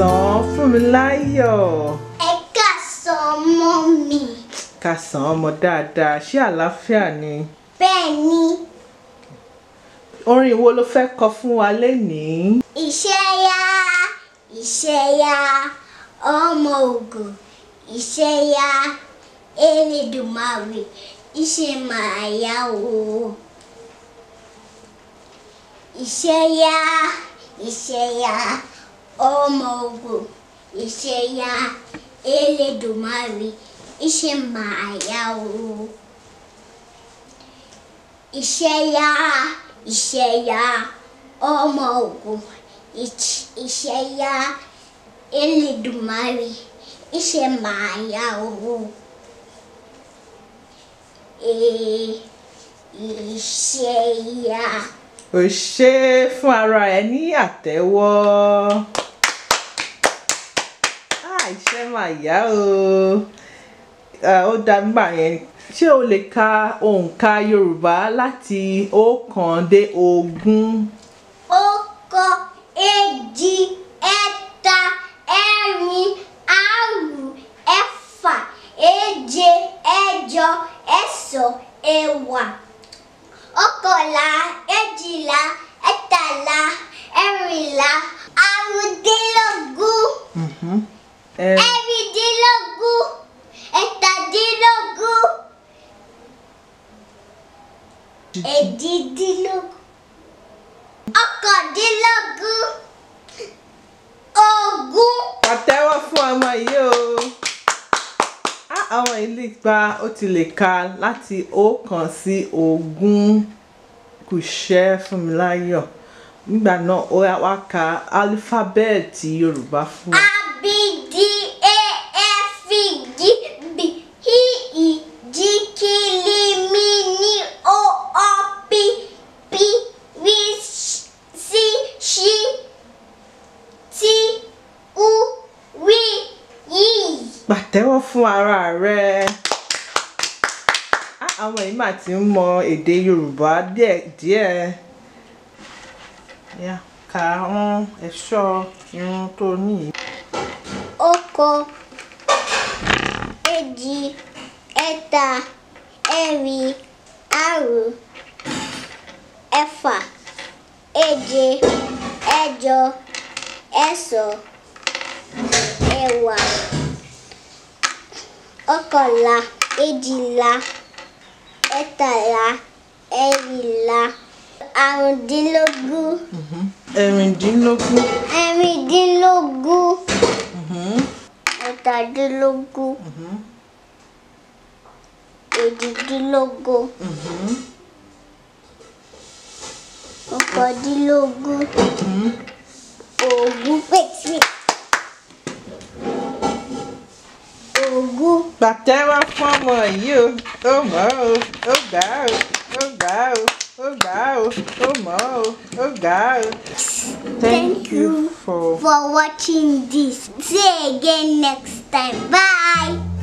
kàsán fún mi láyọ̀. ẹ kàsán ọmọ mi. kàsán ọmọ dáadáa ṣé àlàáfíà ni. bẹ́ẹ̀ ni. orin wo ló fẹ́ kọ fún wa lénìí. ìṣẹ́yà ìṣẹ́yà ọmọ ògo ìṣẹ́yà elédùmarè iṣẹ́ màá yá o. ìṣẹ́yà ìṣẹ́yà. O ọmọ ogo ìṣẹ̀yà elédùmarè iṣẹ́ máa yá o ìṣẹ̀yà ìṣẹ̀yà ọmọ ogo ìṣẹ̀yà elédùmarè iṣẹ́ máa yá e ìṣẹ̀yà. ò ṣe fún ara ẹ ní àtẹ́wọ́ mà yá o ó dá nígbà yẹn ṣé o lè ka òǹkà yorùbá láti ọ̀kan dé ogún. ọ̀kan èjì ẹ̀ta ẹ̀rin àrún ẹ̀fà èje ẹ̀jọ ẹ̀sán ẹ̀wá ọ̀kànlá èjìlá ẹ̀tàlá ẹ̀rìnlá àrúndínlógún. èjì. èjìdínlógún ọ̀kàndínlógún ogún. pàtẹ́wọ́ fún ọmọ yìí o àwọn ilé gba ó ti lè ka láti ọ̀kan sí ogún kù ṣẹ́ fún mi láyọ̀ nígbà náà ó wá ka alifábẹ́ẹ̀tì Yorùbá fún wa. Tẹ́wọ́ fún ara rẹ. Àwọn èyí mà ti ń mọ èdè Yorùbá díẹ̀ díẹ̀. Ka rán ẹ̀ṣọ́ irun tó ní yìí. Ọ̀kan, èjì, ẹ̀ta, ẹ̀rin, àrún, ẹ̀fà, èje, ẹ̀jọ, ẹ̀sán, ọ̀kànlá èjìlá ẹ̀tàlá ẹ̀rìnlá àrùndínlógún. ẹ̀rìndínlógún. Mhm. ẹ̀rìndínlógún. Mhm. ẹ̀tàdínlógún. Mhm. èjìdínlógún. ọ̀kàndínlógún. ogún pé. Back there was one more you. Oh mo, oh God! oh God! oh go, oh mo, oh go. Thank, Thank you, you for, for watching this. See again next time. Bye.